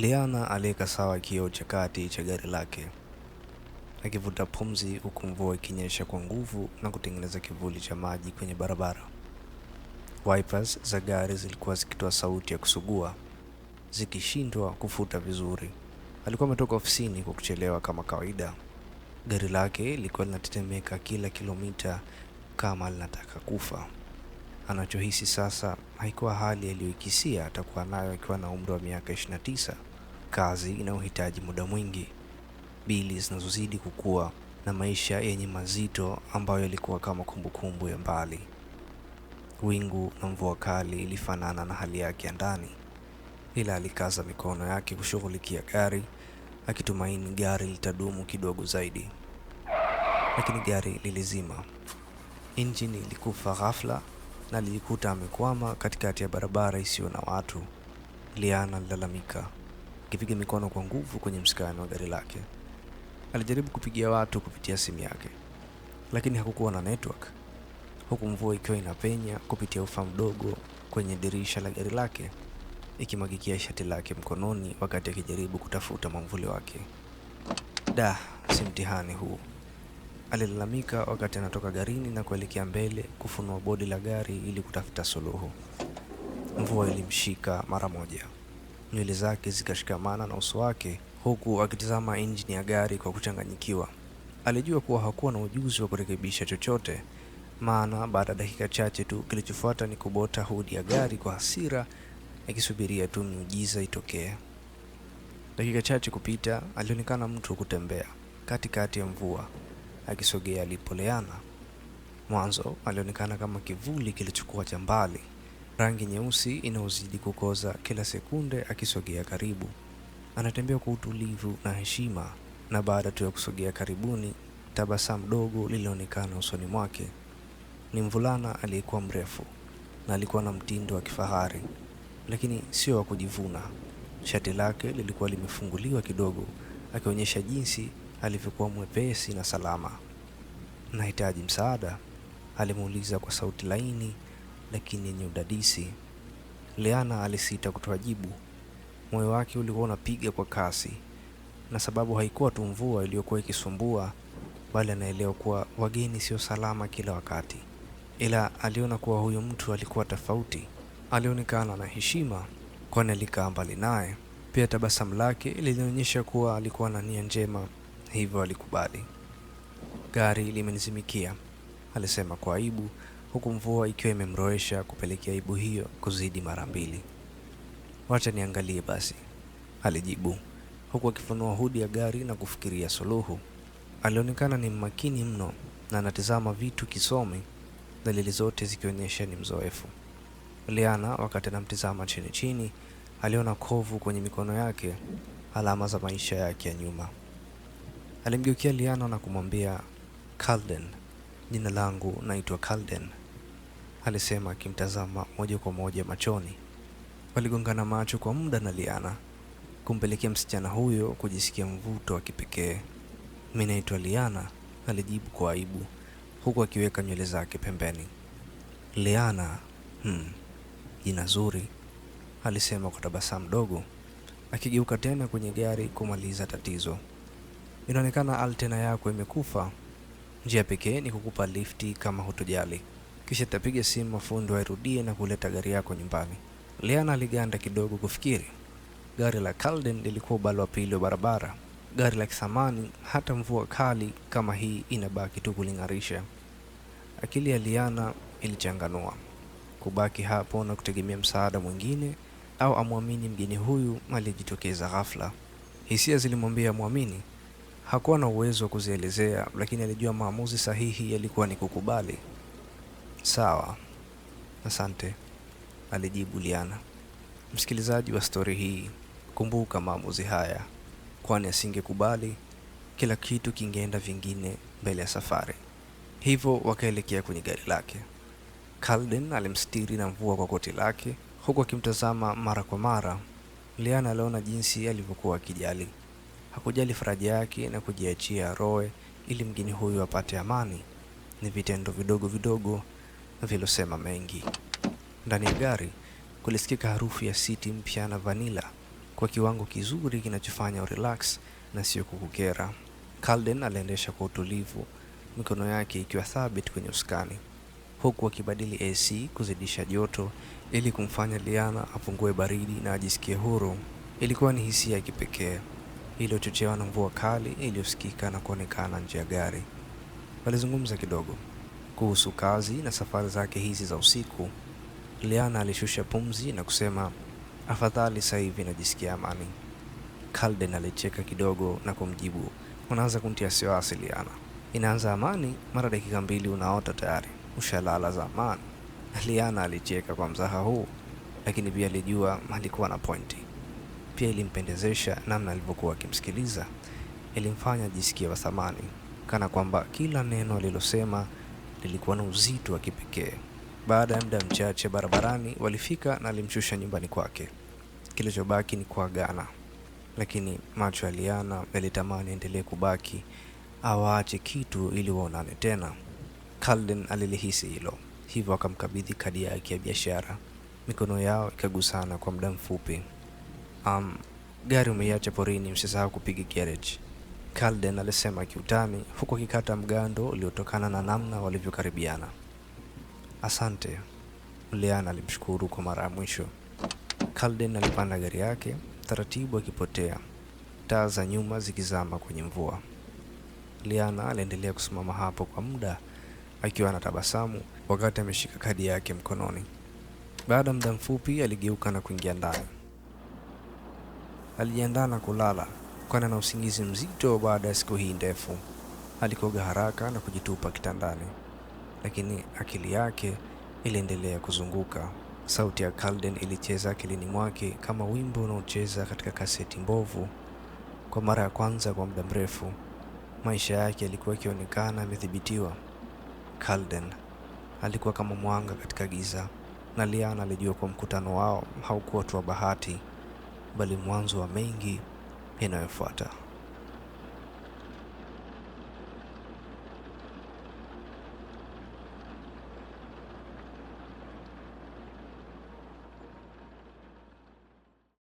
Liana aliweka sawa kioo cha kati cha gari lake, akivuta pumzi huku mvua ikinyesha kwa nguvu na kutengeneza kivuli cha maji kwenye barabara. Wipers za gari zilikuwa zikitoa sauti ya kusugua, zikishindwa kufuta vizuri. Alikuwa ametoka ofisini kwa kuchelewa kama kawaida. Gari lake lilikuwa linatetemeka kila kilomita kama linataka kufa. Anachohisi sasa haikuwa hali aliyoikisia atakuwa nayo akiwa na umri wa miaka 29 kazi inayohitaji muda mwingi, bili zinazozidi kukua na maisha yenye mazito ambayo yalikuwa kama kumbukumbu ya mbali. Wingu na mvua kali ilifanana na hali yake ya ndani, ila alikaza mikono yake kushughulikia gari, akitumaini gari litadumu kidogo zaidi, lakini gari lilizima. Injini ilikufa ghafla na lilikuta amekwama katikati ya barabara isiyo na watu. Liana alilalamika akipiga mikono kwa nguvu kwenye msikani wa gari lake. Alijaribu kupigia watu kupitia simu yake, lakini hakukuwa na network, huku mvua ikiwa inapenya kupitia ufa mdogo kwenye dirisha la gari lake ikimwagikia shati lake mkononi wakati akijaribu kutafuta mwamvuli wake. Da, si mtihani huu, alilalamika wakati anatoka garini na kuelekea mbele kufunua bodi la gari ili kutafuta suluhu. Mvua ilimshika mara moja nywele zake zikashikamana na uso wake, huku akitizama injini ya gari kwa kuchanganyikiwa. Alijua kuwa hakuwa na ujuzi wa kurekebisha chochote, maana baada ya dakika chache tu kilichofuata ni kubota hudi ya gari kwa hasira, akisubiria tu miujiza itokee. Dakika chache kupita, alionekana mtu wa kutembea katikati ya mvua akisogea alipoleana Mwanzo alionekana kama kivuli kilichokuwa cha mbali, rangi nyeusi inayozidi kukoza kila sekunde. Akisogea karibu, anatembea kwa utulivu na heshima, na baada tu ya kusogea karibuni, tabasamu dogo lilionekana usoni mwake. Ni mvulana aliyekuwa mrefu na alikuwa na mtindo wa kifahari, lakini sio wa kujivuna. Shati lake lilikuwa limefunguliwa kidogo, akionyesha jinsi alivyokuwa mwepesi na salama. Nahitaji msaada, alimuuliza kwa sauti laini lakini yenye udadisi. Leana alisita kutoa jibu. Moyo wake ulikuwa unapiga kwa kasi, na sababu haikuwa tu mvua iliyokuwa ikisumbua, bali anaelewa kuwa wageni sio salama kila wakati. Ila aliona kuwa huyu mtu alikuwa tofauti. Alionekana na heshima, kwani alikaa mbali naye. Pia tabasamu lake lilionyesha kuwa alikuwa na nia njema, hivyo alikubali. Gari limenizimikia, alisema kwa aibu, huku mvua ikiwa imemroesha kupelekea aibu hiyo kuzidi mara mbili. Wacha niangalie basi, alijibu huku akifunua hudi ya gari na kufikiria suluhu. Alionekana ni mmakini mno na anatizama vitu kisomi, dalili zote zikionyesha ni mzoefu. Liana, wakati anamtizama chini chini, aliona kovu kwenye mikono yake, alama za maisha yake ya nyuma. Alimgeukia Liana na kumwambia, Calden, jina langu naitwa Calden alisema akimtazama moja kwa moja machoni. Waligongana macho kwa muda na Liana, kumpelekea msichana huyo kujisikia mvuto wa kipekee. Mimi naitwa Liana, alijibu kwa aibu, huku akiweka nywele zake pembeni. Liana, hmm, jina zuri, alisema kwa tabasamu dogo, akigeuka tena kwenye gari kumaliza tatizo. Inaonekana altena yako imekufa, njia pekee ni kukupa lifti kama hutojali kisha tapiga simu mafundi wairudie na kuleta gari yako nyumbani. Liana aliganda kidogo kufikiri. Gari la Calden lilikuwa ubalo wa pili wa barabara, gari la kisamani. Hata mvua kali kama hii inabaki tu kuling'arisha. Akili ya Liana ilichanganua kubaki hapo na kutegemea msaada mwingine, au amwamini mgeni huyu aliyejitokeza ghafla. Hisia zilimwambia amwamini. Hakuwa na uwezo wa kuzielezea, lakini alijua maamuzi sahihi yalikuwa ni kukubali. Sawa, asante, alijibu Liana. Msikilizaji wa stori hii, kumbuka maamuzi haya, kwani asingekubali kila kitu kingeenda vingine mbele ya safari. Hivyo wakaelekea kwenye gari lake. Calden alimstiri na mvua kwa koti lake huku akimtazama mara kwa mara. Liana aliona jinsi alivyokuwa akijali, hakujali faraja yake na kujiachia roe ili mgeni huyu apate amani. Ni vitendo vidogo vidogo vilosema mengi. Ndani ya gari kulisikika harufu ya siti mpya na vanila kwa kiwango kizuri kinachofanya relax na sio kukukera. Calden aliendesha kwa utulivu, mikono yake ikiwa thabit kwenye usukani, huku akibadili AC kuzidisha joto ili kumfanya Liana apungue baridi na ajisikie huru. Ilikuwa ni hisia ya kipekee iliyochochewa na mvua kali iliyosikika na kuonekana nje ya gari. Walizungumza kidogo kuhusu kazi na safari zake hizi za usiku, Liana alishusha pumzi na kusema, afadhali sasa hivi najisikia amani. Calden alicheka kidogo na kumjibu, unaanza kuntia siwasi Liana, inaanza amani, mara dakika mbili unaota tayari ushalala za amani. Liana alicheka kwa mzaha huu, lakini pia alijua alikuwa na pointi. Pia ilimpendezesha namna alivyokuwa akimsikiliza, ilimfanya ajisikie wa thamani, kana kwamba kila neno alilosema lilikuwa na uzito wa kipekee. Baada ya muda mchache barabarani, walifika na alimshusha nyumbani kwake. Kilichobaki ni kuagana, lakini macho ya Liana yalitamani endelee kubaki, awaache kitu ili waonane tena. Calden alilihisi hilo, hivyo akamkabidhi kadi yake ya biashara. Mikono yao ikagusana kwa muda mfupi. Um, gari umeiacha porini, msisahau kupiga garage. Calden alisema kiutani huku akikata mgando uliotokana na namna walivyokaribiana. Asante, Leana alimshukuru kwa mara ya mwisho. Calden alipanda gari yake taratibu akipotea, taa za nyuma zikizama kwenye mvua. Leana aliendelea kusimama hapo kwa muda akiwa anatabasamu wakati ameshika kadi yake mkononi. Baada ya muda mfupi aligeuka na kuingia ndani. Alijiandaa na kulala kutokana na usingizi mzito baada ya siku hii ndefu. Alikoga haraka na kujitupa kitandani, lakini akili yake iliendelea kuzunguka. Sauti ya Calden ilicheza akilini mwake kama wimbo unaocheza katika kaseti mbovu. Kwa mara ya kwanza kwa muda mrefu, maisha yake yalikuwa yakionekana yamedhibitiwa. Calden alikuwa kama mwanga katika giza, na Liana alijua kwa mkutano wao haukuwa tu wa bahati, bali mwanzo wa mengi in our Father.